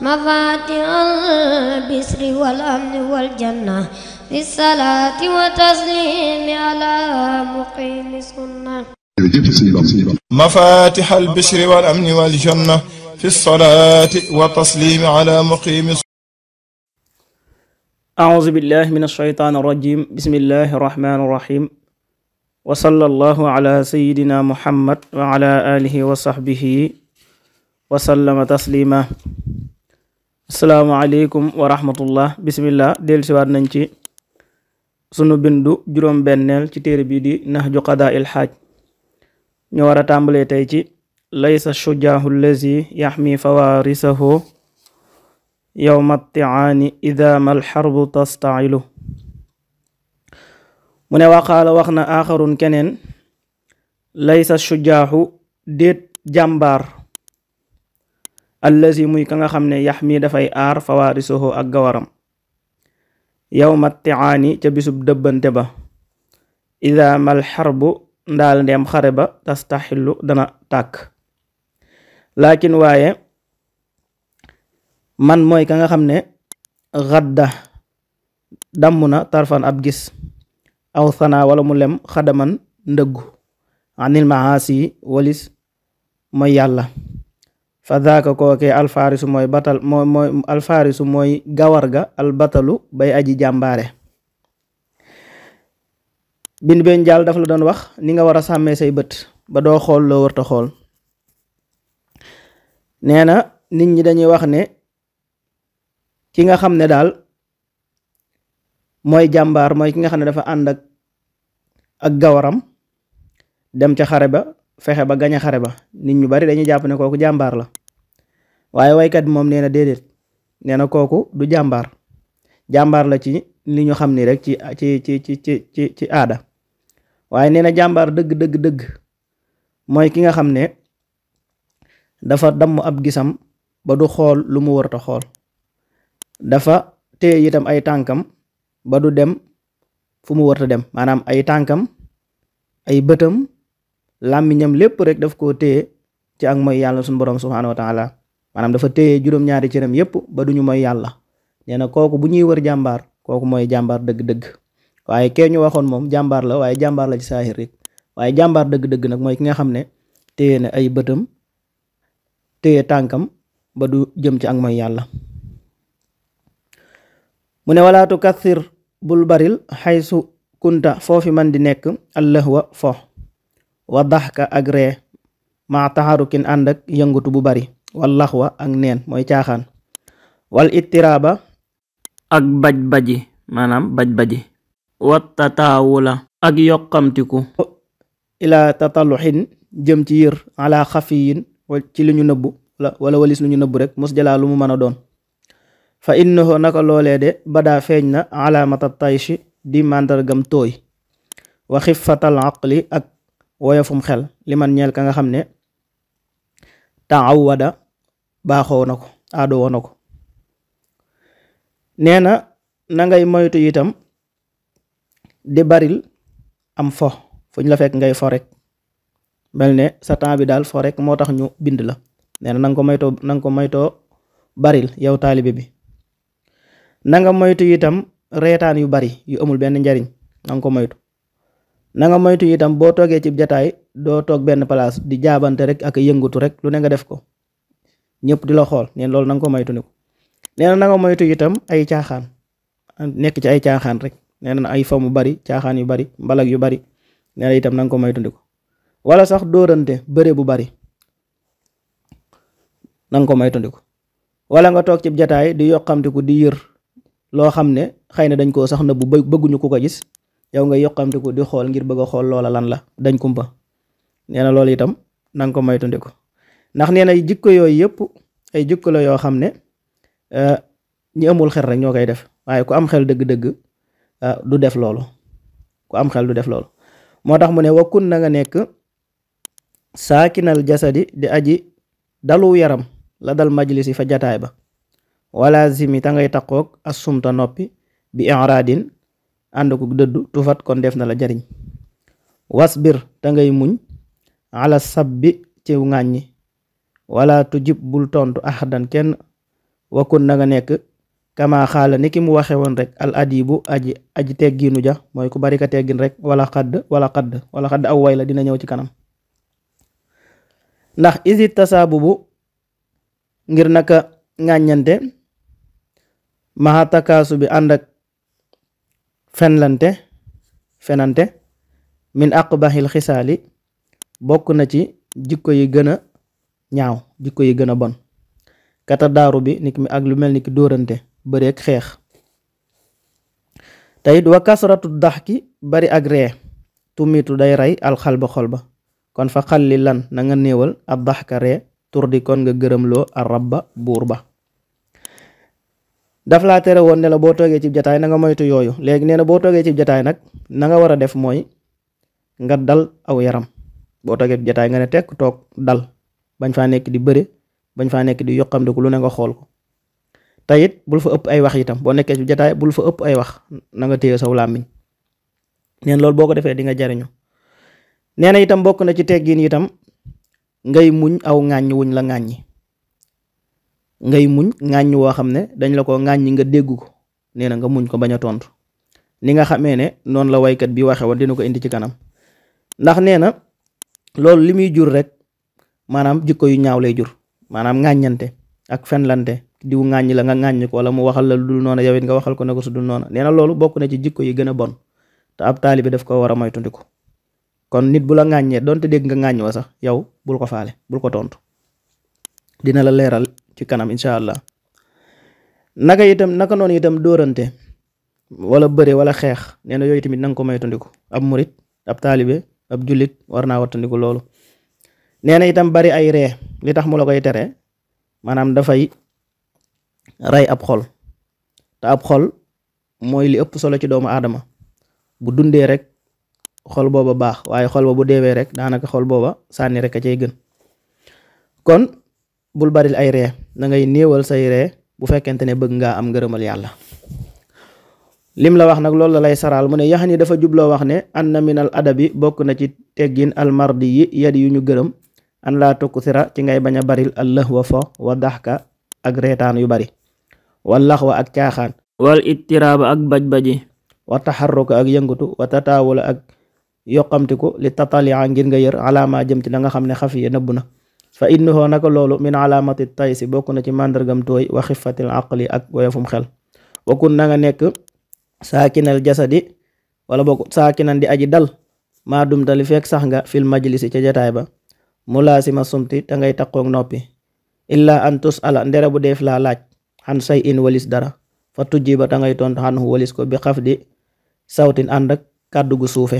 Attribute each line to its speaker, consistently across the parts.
Speaker 1: مفاتح البسر والأمن والجنة بالصلاة وتسليم على مقيم سنة مفاتح البشر والأمن والجنة في الصلاة وتسليم على مقيم سنة أعوذ بالله من الشيطان الرجيم بسم الله الرحمن الرحيم وصلى الله على سيدنا محمد وعلى آله وصحبه وسلم تسليما asalaamaaleykum wa rahmatullah bismillah dellu siwaat nañ ci sunu bindu juróom benneel ci téere bi di nahju qadaa il ñu war a tàmbalee tey ci laysa shujaahu allazi yaxmi fawaarisahu yowma tiaani ida mal xarbu tastailu mu ne waxaala wax na aaxarun keneen laysa shujaahu déet jàmbaar allazi muy ka nga xam ne yax mi dafay aar fawaarisoho ak gawaram yawma tiaani ca bisub dëbbante ba ida mal xarbu ndaal ndeem xare ba tastaxillu dana tàkk laakin waaye man mooy ka nga xam ne xadda damm na tarfan ab gis aw sana wala mu lem xadaman ndëggu anil maasi walis mooy yàlla fa daaka kookee alfaarisu mooy batal mooy mooy su mooy gawar ga albatalu bay aji jàmbaare bin ben jaal dafa la doon wax ni nga war a sàmmee say bët ba doo xool loo warta xool nee na nit ñi dañuy wax ne ki nga xam ne daal mooy jàmbaar mooy ki nga xam ne dafa ànd ak gawaram dem ca xare ba fexe ba gañe xare ba nit ñu bari dañuy jàpp ne kooku jàmbaar la waaye waykat moom nee na déedéet nee na kooku du jàmbaar jàmbaar la ci li ñu xam ni rek ci ci ci ci ci ci ci aada waaye nee na jàmbaar dëgg dëgg dëgg mooy ki nga xam ne dafa damm ab gisam ba du xool lu mu warta xool dafa téye itam ay tànkam ba du dem fu mu warta dem maanaam ay tànkam ay bëtam làmmiñam lépp rek daf koo téye ci ak mooy yàlla suñu borom subhaanahu wa taala maanaam dafa téye juróom-ñaari cëram yépp ba duñu mooy yàlla nee na kooku bu ñuy wër jàmbaar kooku mooy jàmbaar dëgg-dëgg waaye kee ñu waxoon moom jàmbaar la waaye jàmbaar la ci saahir rek waaye jàmbaar dëgg-dëgg nag mooy ki nga xam ne téye na ay bëtam téye tànkam ba du jëm ci ak mooy yàlla mu ne walaatu kathir bul baril xaysu kunta foofi man di nekk allahwa fo wa daxka ak ree maa taxarukin ànd yëngutu bu bari wal laxwa ak neen mooy caaxaan wal ittiraaba ak baj-baji maanaam baj-baji wat ak yokkamtiku ila tataluxin jëm ci yër ala xafiyin ci li ñu nëbbu wala walis lu ñu nëbbu rek mus jalaa lu mu mën a doon fa innahu naka loolee de badaa feeñ na alaamata tayshi di màndargam tooy wa xifatal aqli ak woyofum xel liman ñeel ka nga xam ne taawada baaxoo na ko aadoo na ko nee na na ngay moytu itam di baril am fo fu ñu la fekk ngay fo rek mel ne sa temps bi daal fo rek moo tax ñu bind la nee nanga na ko moytoo na nga ko baril yow taalibe bi nanga nga moytu itam reetaan yu bari yu amul benn njariñ na ko moytu na nga moytu itam doo toog benn place di jaabante rek ak yëngatu rek lu ne nga def ko ñëpp di la xool neen loolu na ko moytu ni ko nee na nga moytu itam ay caaxaan nekk ci ay caaxaan rek nee na ay fam yu bari caaxaan yu bari mbalag yu bari nee itam na nga ko moytu ni ko wala sax dóorante bëre bu bari na nga ko moytu wala nga toog ci jataay di yokkamtiku di yër loo xam ne xëy na dañ koo sax na bu bëgguñu ku ko gis yow nga yokkamtiku di xool ngir bëgg a xool loola lan la dañ kumpa nee na loolu itam na nga ko moytandiku ndax nee na jikko yooyu yëpp ay jikko la yoo xam ne eh, ñi amul xel rek ñoo koy def waaye ku am xel dëgg-dëgg eh, du def loolu ku am xel du def loolu moo tax mu ne wakkun nanga nga nekk saakinal jasadi di aji dalu yaram la dal majlisi fa jataay ba wala zimi ta ngay taqoog assumta noppi bi inradin ànd ko dëddu tufat kon def na la jariñ wasbir ta ngay muñ ala sabbi ci ŋàññi wala tujib bul tontu ahadan kenn wakun na nga nekk kama xaala ni ki mu waxe woon rek al adibu aji aji tegginu ja mooy ku bari ka teggin rek wala xadd wala xadd wala xadd aw dina ñëw ci kanam ndax isi tasaabubu ngir naka ŋàññante maxa takaasu bi ànd ak fenlante fenante min aqbahil xisaali bokk na ci jikko yi gën a ñaaw jikko yi gën a bon kata daaru bi nit mi ak lu mel ni ki dóorante bëri ak xeex teyit wa kasratu ki bari ak ree tumitu day rey alxal ba xol ba kon fa xalli lan na nga néewal ab daxka ree tur di kon nga gërëmloo a rabba buur ba daf laa tere woon ne la boo toogee ci jataay na nga moytu yooyu léegi nee na boo toogee ci jataay nag nanga nga war a def mooy nga dal aw yaram boo toogee jataay nga ne tekk toog dal bañ faa nekk di bëre bañ faa nekk di yokkam ko lu ne nga xool ko te it bul fa ëpp ay wax itam boo nekkee ci jataay bul fa ëpp ay wax na nga téye saw làmmiñ neen loolu boo ko defee di nga jariñu nee na itam bokk na ci teggiin itam ngay muñ aw ŋàññ wuñ la ŋàññi ngay muñ ŋàññ woo xam ne dañ la ko ŋàññi nga dégg ko nee na nga muñ ko bañ a tontu ni nga xamee ne noonu la waykat bi waxe woon dina ko indi ci kanam ndax nee loolu li muy jur rek maanaam jikko yu ñaaw lay jur maanaam ŋàññante ak fenlante diw ŋàññi la nga ŋàññi ko wala mu waxal la dul noona yow it nga waxal ko ne ko su dul noona nee na loolu bokk na ci jikko yi gën a bon te ab taalibi daf ko war a moytandiku kon nit bu la ŋàññee donte dégg nga ŋàññ wa sax yow bul ko faale bul ko tontu dina la leeral ci kanam incha allah naka itam naka noonu itam dóorante wala bëre wala xeex nee na yooyu tamit na nga ko moytandiku ab murit ab taalibe ab jullit war naa wattandiku loolu nee na itam bari ay ree li tax mu la koy tere maanaam dafay rey ab xol te ab xol mooy li ëpp solo ci doomu aadama bu dundee rek xol booba baax waaye xol ba bu deewee rek daanaka xol booba sànni rek a cay gën kon bul baril ay ree da ngay néewal say ree bu fekkente ne bëgg ngaa am ngërëmal yàlla lim la wax nag loolu la lay saraal mu ne yaxani dafa jubloo wax ne an na minal adabi bokk na ci teggin almardi yi yad yu ñu gërëm an laa tukkusira ci ngay bañ a baril a wa fo wa daxka ak reetaan yu bari wal laxwa ak caaxaan wal ittiraaba ak baj-baji wa taxarruka ak yëngatu wa tataawula ak yoqamtiku li tatalia ngir nga yër alaama jëm ci la nga xam ne xafiye nëbb na fa innahu naka loolu min alaamati taysi bokk na ci màndargam tooy wa xifatil aqli ak saakinal jasadi wala bo saakinan di aji dal maa dumta li sax nga fil majlisi ca jataay ba mu laasima sumti ta ngay takkoog noppi illaa an tus ala ndere bu deef laa laaj xan say in walis dara fa tujji ba te ngay tontu xan walis ko bi xaf di sawtin ànd ak gu suufe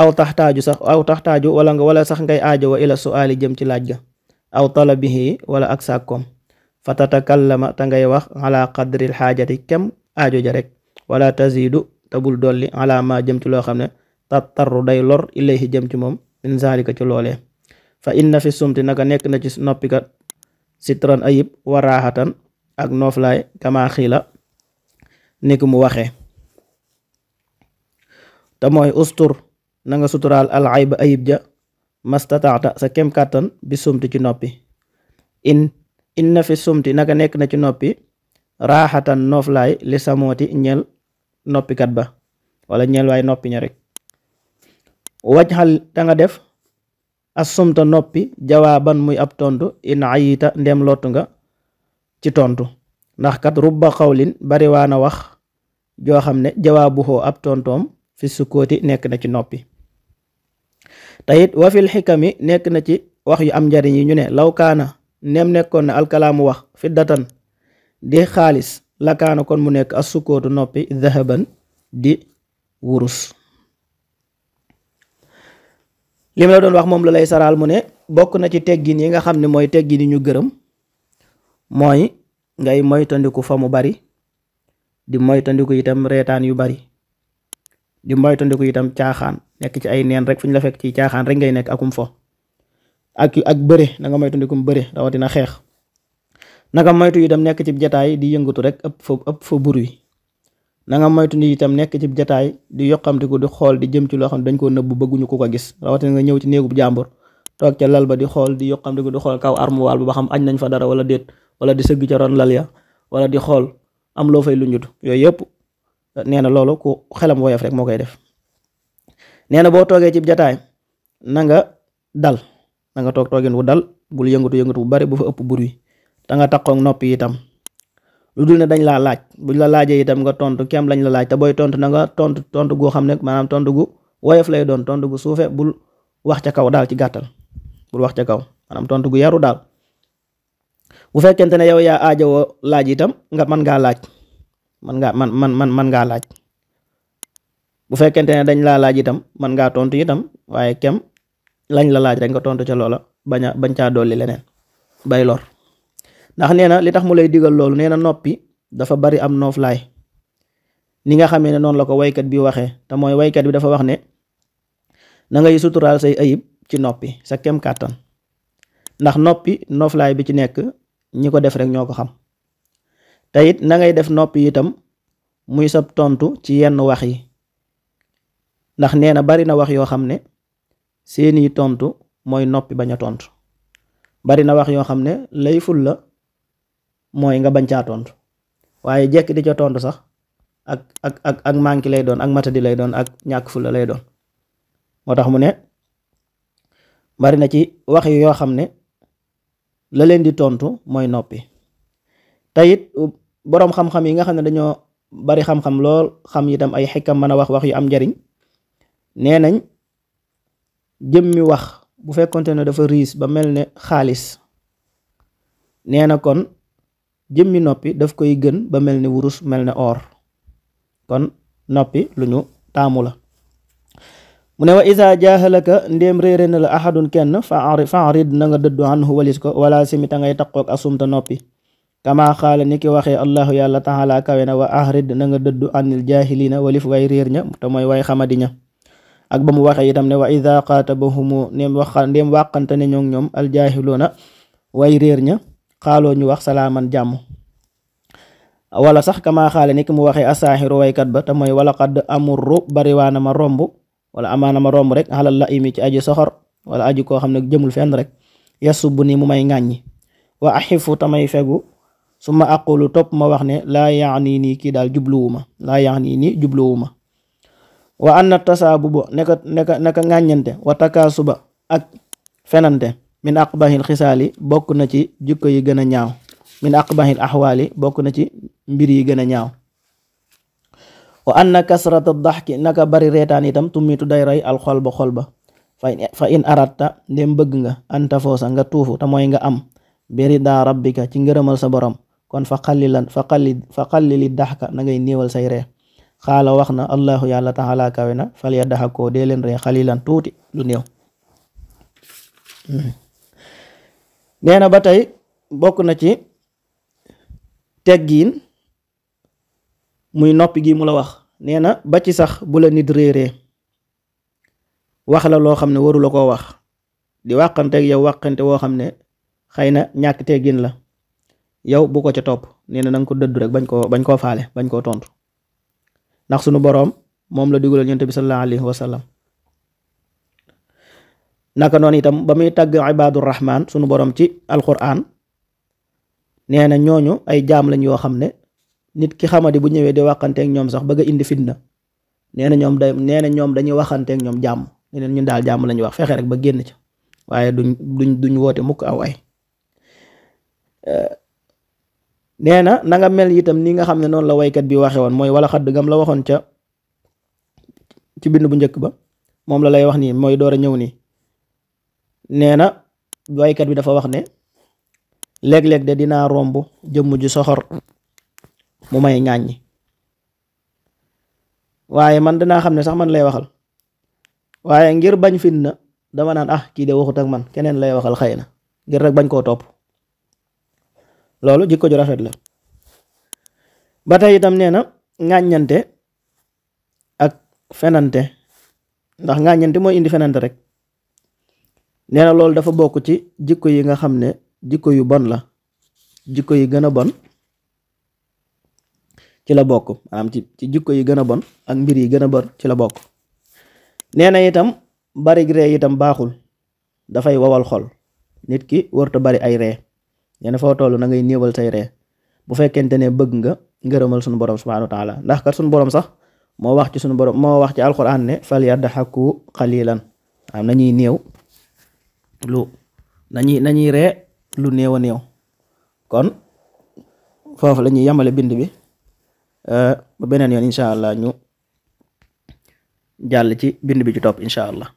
Speaker 1: aw taxtaaju sax aw taxtaaju wala nga wala sax ngay aajo wa ila suaali jëm ci laaj ga aw talabihi wala ak sàkkoom fa tatakallama te ngay wax ala qadril xaajati kem aajo ja rek wala tazidu tabul dolli ala ma jëm ci loo xam ne tattaru day lor jëm ci moom min zalika ci fa inna fi sumti naka nekk na ci noppikat sitran ayib waraaxatan ak nooflaay kama xiila nekk mu waxe te mooy ustur na nga suturaal al ayba ayib ja mastataata sa kem kàttan bi sumti ci noppi in inna fi sumti naka nekk na ci noppi raaxatan nooflaay li samooti ñel noppikat ba wala ñeel waay noppi ña rek waj xal ta nga def asumta noppi jawaaban muy ab tontu in ayita ndem lottu nga ci tontu ndax kat rubba xawlin bari wax joo xam ne jawaabu xoo ab tontom fi sukkooti nekk na ci noppi tayit wa fil xikami nekk na ci wax yu am njariñ yi ñu ne lawkaana nem nekkoon na alkalaamu wax fiddatan di xaalis lakaana kon mu nekk assukootu noppi dahaban di wurus li la doon wax moom la lay saraal mu ne bokk na ci teggin yi nga xam ne mooy teggin yi ñu gërëm mooy ngay moytandiku fa mu bari di moytandiku itam reetaan yu bari di moytandiku itam caaxaan nekk ci ay neen rek fu ñu la fekk ci caaxaan rek ngay nekk akum fo ak ak bëre na nga moytandikum bëre rawatina xeex nanga moytu itam nekk ci jataay di yëngatu rek ëpp fa ëpp fa bruit na nga moytu ni itam nekk ci jataay di yoqamtiku di xool di jëm ci loo xam ne dañ koo nëbb bëgguñu ku ko gis rawatina nga ñëw ci néegub jàmbur toog ca lal ba di xool di yoqamtiku di xool kaw armoire ba xam añ nañ fa dara wala déet wala di sëgg ca ron lal ya wala di xool am loo fay lu yooyu yëpp nee na loolu ku xelam woyof rek moo koy def nee na boo toogee ci jataay na nga dal nga toog toogin wu dal bul yëngatu yëngatu bu bari bu ëpp bruit te nga takkoog noppi itam lu dul ne dañ laa laaj buñ la laajee itam nga tontu kem lañ la laaj te booy tontu na nga tontu tontu gu xam ne maanaam tontu gu woyof lay doon tontu gu suufe bul wax ca kaw daal ci gàttal bul wax ca kaw maanaam tontu gu yaru daal bu fekkente ne yow yaa aajowoo laaj itam nga mën ngaa laaj mën ngaa man man man mën ngaa laaj bu fekkente ne dañ laa laaj itam mën ngaa tontu itam waaye kem lañ la laaj rek nga tontu ca loola bañ bañ caa dolli leneen bay lor. ndax nee na li tax mu lay digal loolu nee na noppi dafa bari am nooflaay ni nga xamee ne noonu la ko waykat bi waxee te mooy waykat bi dafa wax ne nangay ngay suturaal say ayib ci noppi sa kem kàttan ndax noppi nooflaay bi ci nekk ñi ko def rek ñoo ko xam te it na ngay def noppi itam muy sab tontu ci yenn wax yi ndax nee na bari na wax yoo xam ne seeni tontu mooy noppi bañ a tontu bari na wax yoo xam ne lay ful la mooy nga bañ caa waaye jekk di ca tontu sax ak ak ak manki lay doon ak matadi lay doon ak ñàkk fula lay doon moo tax mu ne bari na ci wax yoo xam ne la leen di tontu mooy noppi tayit boroom xam-xam yi nga xam ne dañoo bari xam-xam lool xam itam ay xekkam mën a wax wax yu am njariñ nee nañ jëmmi wax bu fekkonte ne dafa riis ba mel ne xaalis nee kon jëmmi noppi daf koy gën ba mel ni wurus mel ne or kon noppi lu ñu taamu la mu ne wa isa jaahalaka ndéem réere na la ahadun kenn fa faarid na nga dëddu anhu walis ko wala simita ngay taqoog asumta noppi kama ni ki waxee allahu yàlla taala kawe na wa ahrid na nga dëddu anil jaahilina walif way réer ña te mooy way xamadi ña ak ba mu waxee itam ne wa ida qaatabahumu ndéem waxa ndéem wàqante ne ñoom ñoom aljaahiluuna way réer ña xaaloo ñu wax salaaman jàmm wala sax kama xaale ni mu waxee asaaxiru waykat ba te mooy wala xadd amurru bariwaana ma romb wala amaana ma romb rek xalal la imi ci aji soxor wala aji koo xam ne jëmul fenn rek yasub bu nii mu may ŋàññi wa axifu tamay fegu su ma topp ma wax ne laa yaani nii daal jubluwuma laa yaani nii jubluwuma wa anna tasaabu bo neka neka neka ŋàññante wa takasuba ak fenante min aqbahil xisaali bokk na ci jikko yi gën a ñaaw min aqbahil axwaali bokk na ci mbir yi gën a ñaaw wa anna kasrata daxki naka bari reetaan itam tummitu day rey al xol ba fa in aratta ndem bëgg nga anta foosa nga tuufu te mooy nga am beri daa rabbika ci ngërëmal sa borom kon fa xallilan fa xalli fa xallili daxka na ngay néewal say ree xaala wax na allahu yàlla taala kawe na fal ya daxakoo dee leen ree xalilan tuuti lu néew hmm. nee na ba tey bokk na ci teggiin muy noppi gii mu la wax nee na ba ci sax bu la nit réeree wax la loo xam ne warula la koo wax di wàqanteeg yow wàqante woo xam ne xëy na ñàkk teggiin la yow bu ko ca topp nee na na ko dëddu rek bañ koo bañ koo faale bañ koo tontu ndax sunu borom moom la digaloon yonent bi sallallahu alayhi wa naka noonu itam ba muy tàgg ibaadu rahmaan sunu borom ci alquran nee na ñooñu ay jaam lañ yoo xam ne nit ki xamadi bu ñëwee di waxanteeg ñoom sax bëgg a indi fitna nee na ñoom day nee na ñoom dañuy waxanteeg ñoom jàmm nee na ñun daal jàmm lañuy wax fexe ba génn ca waaye duñ duñ duñ woote mukk aw ay nee na na nga mel itam ni nga xam ne noonu la waykat bi waxe woon mooy wala xadd gam la waxoon ca ci bind bu njëkk ba moom la lay wax nii mooy door a ñëw nii nee na waykat bi dafa wax ne léeg-léeg de dinaa romb jëmm ju soxor mu may ŋàññi waaye man danaa xam ne sax man lay waxal waaye ngir bañ fitna dama naan ah kii de waxut ak man keneen lay waxal xëy na ngir rek bañ koo topp loolu jikko ju rafet la ba tey itam nee na ŋàññante ak fenante ndax ŋàññante mooy indi fenante rek nee na loolu dafa bokk ci jikko yi nga xam ne jikko yu bon la jikko yi gën a bon ci la bokk maanaam ci jikko yi gën a bon ak mbir yi gën a bon ci la bokk nee na itam bari ree itam baaxul dafay wowal xol nit ki warta bari ay ree nee foo toll na ngay néewal say ree bu fekkente ne bëgg nga ngërëmal sunu borom subhanahu wa taala ndax kat sunu borom sax moo wax ci sunu borom moo wax ci alquran ne fal yadhaku qalilan am na ñuy néew lu nañuy nañuy ree lu néew a néew kon foofu la ñuy yamale bind bi euh, ba beneen yoon incha allah ñu jàll ci bind bi ci topp incha allah